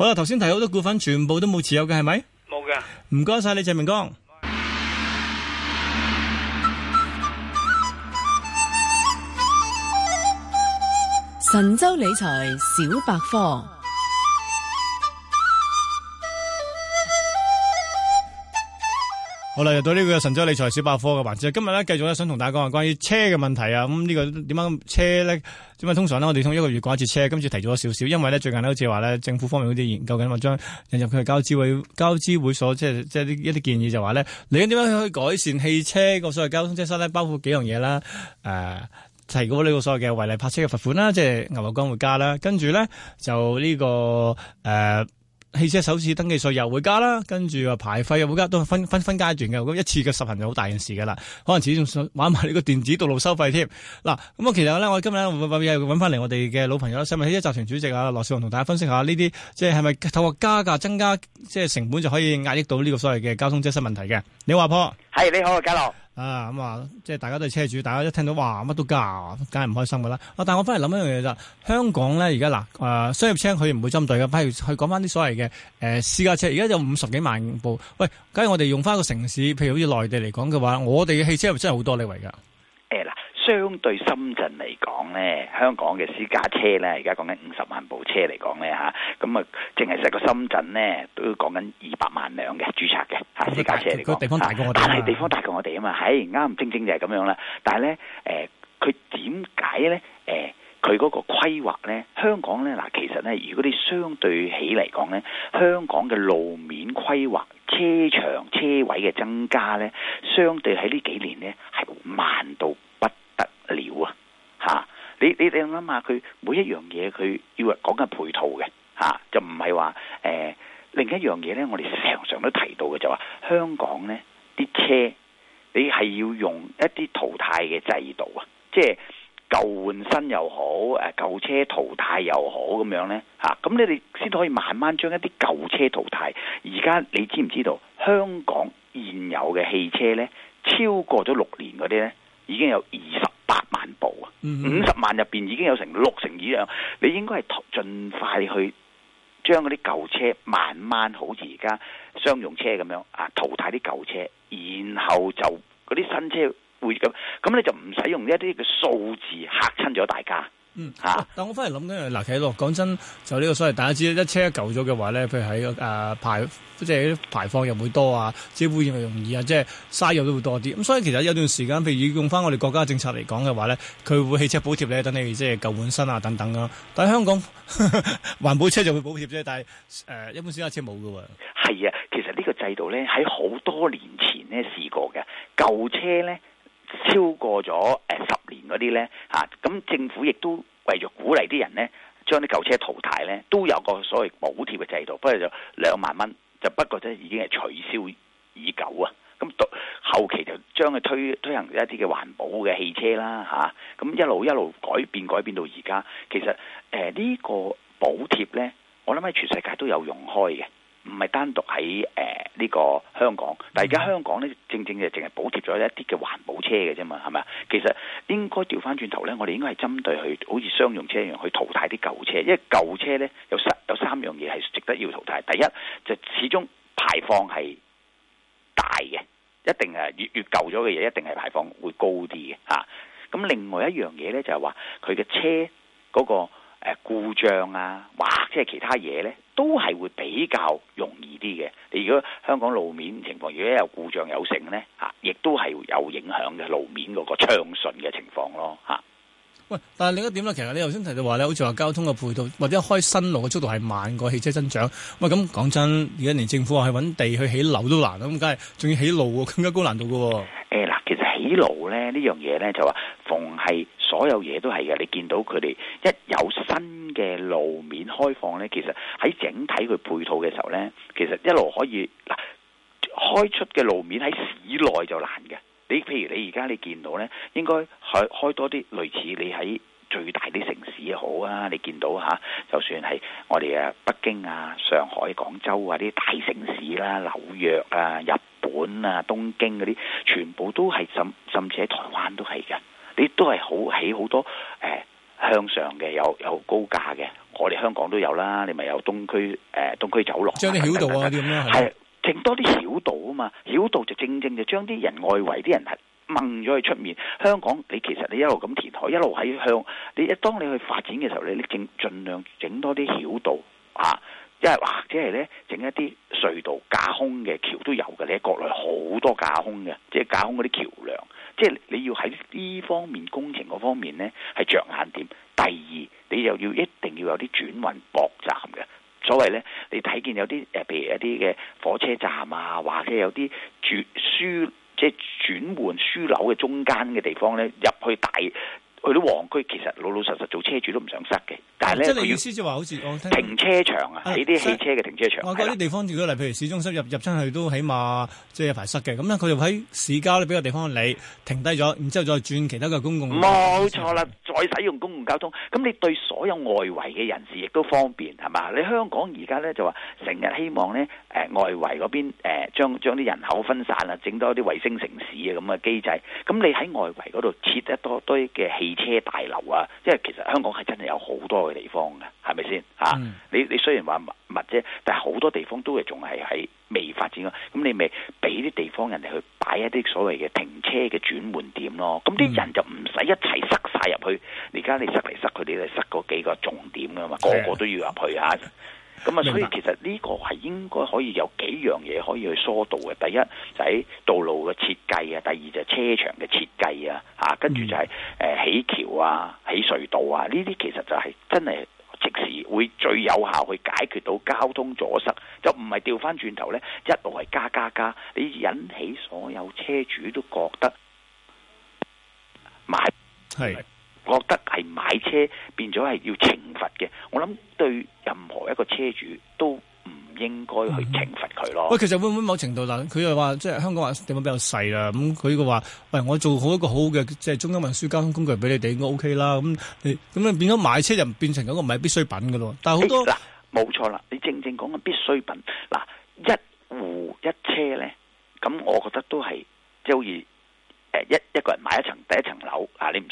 好啦，頭先提好多股份，全部都冇持有嘅係咪？冇嘅。唔該晒你，鄭明光。謝謝神州理財小百科。好啦，又到呢、這個神州理財小百科嘅環節，今日呢，繼續咧想同大家講下關於車嘅問題啊！咁、嗯、呢、這個點解車呢？點解通常呢？我哋通一個月講一次車？今次提咗少少，因為呢最近咧好似話呢政府方面好似研究緊話將引入佢嘅交諮會、交諮會所，即係即係一啲建議就話呢：你點樣可以改善汽車個所謂交通車塞呢？包括幾樣嘢啦，誒、呃，提高呢個所謂嘅違例泊車嘅罰款啦，即係牛肉乾會加啦，跟住呢，就呢、這個誒。呃汽車首次登記稅又會加啦，跟住話排費又會加，都係分分分階段嘅。咁一次嘅實行就好大件事噶啦，可能始終想玩埋呢個電子道路收費添。嗱，咁啊，其實咧，我今日會搵搵翻嚟，我哋嘅老朋友，係咪汽車集團主席啊羅少龍同大家分析下呢啲，即係係咪透過加價增加即係、就是、成本就可以壓抑到呢個所謂嘅交通擠塞問題嘅？你話阿婆，係你好，嘉樂。啊咁啊，即係大家都係車主，大家一聽到哇乜都加，梗係唔開心噶啦。啊，但係我翻嚟諗一樣嘢就，香港咧而家嗱，誒、呃、商業車佢唔會針對嘅，譬如佢講翻啲所謂嘅誒私家車，而家有五十幾萬部。喂，假如我哋用翻個城市，譬如好似內地嚟講嘅話，我哋嘅汽車係咪真係好多呢？你為噶？相對深圳嚟講咧，香港嘅私家車咧，而家講緊五十萬部車嚟講咧嚇，咁啊，淨係成個深圳咧都要講緊二百萬輛嘅註冊嘅私家車嚟嘅。地方大過我哋，但係地方大過我哋啊嘛，係啱正正就係咁樣啦。但係咧，誒、呃，佢點解咧？誒、呃，佢嗰個規劃咧，香港咧嗱，其實咧，如果你相對起嚟講咧，香港嘅路面規劃車場車位嘅增加咧，相對喺呢幾年咧係慢到。你諗下佢每一樣嘢，佢要講緊配套嘅，吓、啊、就唔係話誒另一樣嘢咧。我哋常常都提到嘅就話、是、香港咧啲車，你係要用一啲淘汰嘅制度啊，即係舊換新又好，誒、啊、舊車淘汰又好咁樣咧，吓咁咧你哋先可以慢慢將一啲舊車淘汰。而家你知唔知道香港現有嘅汽車咧，超過咗六年嗰啲咧，已經有二十。八、嗯、哼萬部啊，五十萬入邊已經有成六成以上，你應該係盡快去將嗰啲舊車慢慢好似而家商用車咁樣啊，淘汰啲舊車，然後就嗰啲新車會咁，咁你就唔使用呢一啲嘅數字嚇親咗大家。嗯吓，但我翻嚟諗緊，嗱，啟樂講真，就呢個所謂，大家知一車一舊咗嘅話咧，譬如喺誒排，即係排放又會多啊，即係污染又容易啊，即係嘥油都會多啲。咁所以其實有段時間，譬如用翻我哋國家政策嚟講嘅話咧，佢會汽車補貼咧，等你即係舊換新啊，等等咁。但係香港環保車就會補貼啫，但係誒，一般私家車冇噶喎。係啊，其實呢個制度咧喺好多年前咧試過嘅，舊車咧。超過咗誒、呃、十年嗰啲呢，嚇、啊，咁政府亦都為咗鼓勵啲人呢，將啲舊車淘汰呢，都有個所謂補貼嘅制度，不過就兩萬蚊，就不過咧已經係取消已久啊。咁到後期就將佢推推行一啲嘅環保嘅汽車啦嚇，咁、啊、一路一路改變改變到而家，其實誒呢、呃呢個補貼呢，我諗喺全世界都有用開嘅，唔係單獨喺誒呢個香港，但係而家香港呢，正正就淨係補貼咗一啲嘅環。車嘅啫嘛，係咪啊？其實應該調翻轉頭咧，我哋應該係針對去好似商用車一樣去淘汰啲舊車，因為舊車咧有三有三樣嘢係值得要淘汰。第一就始終排放係大嘅，一定係越越舊咗嘅嘢一定係排放會高啲嘅啊。咁另外一樣嘢咧就係話佢嘅車嗰個故障啊，或者係其他嘢咧，都係會比較容易啲嘅。你如果香港路面情況，如果有故障有成咧，吓，亦都係會有影響嘅路面嗰個暢順嘅情況咯，吓。喂，但係另一點咧，其實你頭先提到話咧，好似話交通嘅配套或者開新路嘅速度係慢過汽車增長。喂，咁講真，而家連政府係搵地去起樓都難，咁梗係仲要起路更加高難度嘅。誒、欸，嗱。起路咧呢樣嘢呢，就話，逢係所有嘢都係嘅。你見到佢哋一有新嘅路面開放呢，其實喺整體佢配套嘅時候呢，其實一路可以嗱，開出嘅路面喺市內就難嘅。你譬如你而家你見到呢，應該開開多啲類似你喺。最大啲城市好啊！你見到嚇、啊，就算係我哋誒、啊、北京啊、上海、廣州啊啲大城市啦、啊、紐約啊、日本啊、東京嗰啲，全部都係甚甚至喺台灣都係嘅。你都係好起好多誒向、呃、上嘅，有有高架嘅。我哋香港都有啦，你咪有東區誒、呃、東區走廊、啊。將啲小道啊啲咁咯，係整的多啲小道啊嘛，小道就正正就將啲人外圍啲人掹咗去出面，香港你其實你一路咁填海，一路喺向你一當你去發展嘅時候，你你整儘量整多啲橋道啊，因為或者係咧整一啲隧道架空嘅橋都有嘅，你喺國內好多架空嘅，即係架空嗰啲橋梁，即係你要喺呢方面工程嗰方面咧係着眼點。第二，你又要一定要有啲轉運駁站嘅，所謂咧，你睇見有啲誒譬如一啲嘅火車站啊，或者有啲轉書。即係轉換樞紐嘅中間嘅地方咧，入去大去到旺區，其實老老實實做車主都唔想塞嘅。但即係意思即係話，好似停車場啊，喺啲汽車嘅停車場，嗰啲、啊、地方，如果例如市中心入入親去都起碼即係、就是、有排塞嘅，咁咧佢就喺市郊呢俾個地方你停低咗，然之後再轉其他嘅公共交通。冇錯啦，行再使用公共交通，咁、啊、你對所有外圍嘅人士亦都方便，係嘛？你香港而家咧就話成日希望咧誒、呃、外圍嗰邊誒將將啲人口分散啊，整多啲衛星城市啊咁嘅機制。咁你喺外圍嗰度設得多堆嘅汽車大樓啊，即係其實香港係真係有好多。.地方嘅，係咪先啊？嗯、你你雖然話密啫，但係好多地方都係仲係喺未發展。咁你咪俾啲地方人哋去擺一啲所謂嘅停車嘅轉換點咯。咁啲人就唔使一齊塞晒入去。而家你塞嚟塞去，你係塞嗰幾個重點噶嘛，個個都要入去下。啊。咁啊，所以其實呢個係應該可以有幾樣嘢可以去疏導嘅。第一就喺、是、道路嘅設計啊，第二就係車場嘅設計啊，吓跟住就係、是、誒、呃、起橋啊、起隧道啊，呢啲其實就係真係即時會最有效去解決到交通阻塞，就唔係調翻轉頭咧，一路係加加加，你引起所有車主都覺得買係。覺得係買車變咗係要懲罰嘅，我諗對任何一個車主都唔應該去懲罰佢咯。喂，其實會唔會某程度嗱，佢又話即係香港話地方比較細啦，咁佢嘅，話，喂，我做好一個好嘅即係中央運輸交通工具俾你哋，應該 OK 啦。咁你咁啊變咗買車就變成嗰個唔係必需品噶咯。但係好多，冇錯啦，你正正講嘅必需品。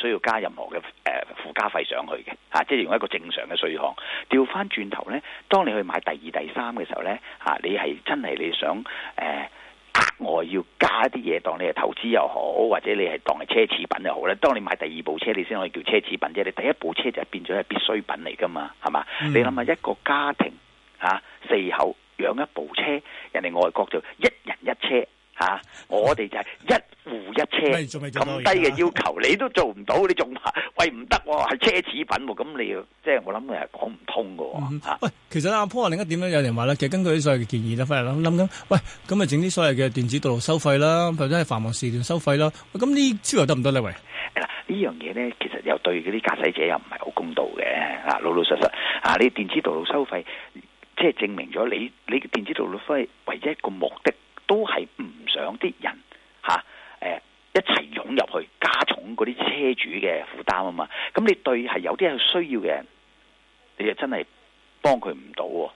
需要加任何嘅、呃、附加費上去嘅，嚇、啊，即係用一個正常嘅稅項。調翻轉頭呢，當你去買第二、第三嘅時候呢，嚇、啊，你係真係你想誒額外要加啲嘢，當你係投資又好，或者你係當係奢侈品又好咧。當你買第二部車，你先可以叫奢侈品啫。你第一部車就變咗係必需品嚟噶嘛，係嘛？嗯、你諗下一個家庭嚇、啊、四口養一部車，人哋外國就一人一車。嚇、啊！我哋就係一戶一車咁低嘅要求，你都做唔到，你仲話喂唔得喎？係奢侈品喎！咁你即係我諗，佢係講唔通嘅喎喂，啊啊、其實阿 Paul 話另一點咧，有人話咧，其實根據啲所謂嘅建議咧，翻嚟啦，諗緊喂，咁咪整啲所謂嘅電子道路收費啦，或者係繁忙時段收費啦。咁呢招又得唔得呢？喂，嗱、啊、呢樣嘢咧，其實又對嗰啲駕駛者又唔係好公道嘅啊！老老實實、嗯、啊！呢電子道路收費，即係證明咗你你電子道路費唯一一個目的都係唔～讓啲人吓，誒、啊呃、一齊湧入去加重嗰啲車主嘅負擔啊嘛，咁你對係有啲係需要嘅人，你就真係幫佢唔到喎。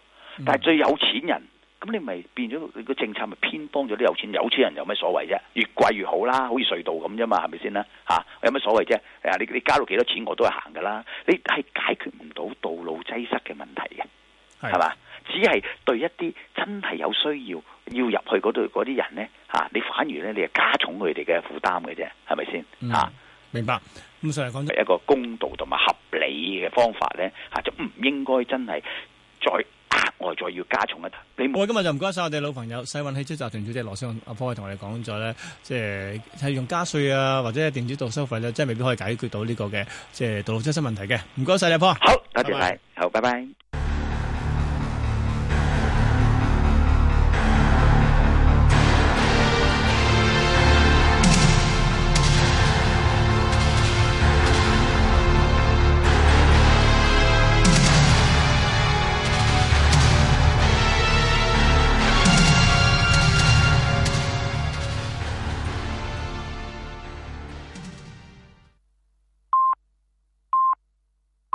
但係最有錢人,咁你咪變咗你個政策咪偏幫咗啲有錢人？有錢人有咩所謂啫？越貴越好啦，好似隧道咁啫嘛，係咪先啦？吓、啊、有咩所謂啫？誒、啊，你你加到幾多錢我都係行㗎啦。你係解決唔到道路擠塞嘅問題嘅，係嘛的？只係對一啲真係有需要要入去嗰度嗰啲人咧嚇、啊，你反而咧你係加重佢哋嘅負擔嘅啫，係咪先嚇？明白。咁所以講係一個公道同埋合理嘅方法咧嚇、啊，就唔應該真係再額外、啊、再要加重一啲。我今日就唔該晒我哋老朋友世運汽車集團主席羅 Sir 阿科，同我哋講咗咧，即係係用加稅啊，或者電子道收費咧，即係未必可以解決到呢個嘅即係道路擠塞問題嘅。唔該曬阿科。好，多謝晒。好，拜拜。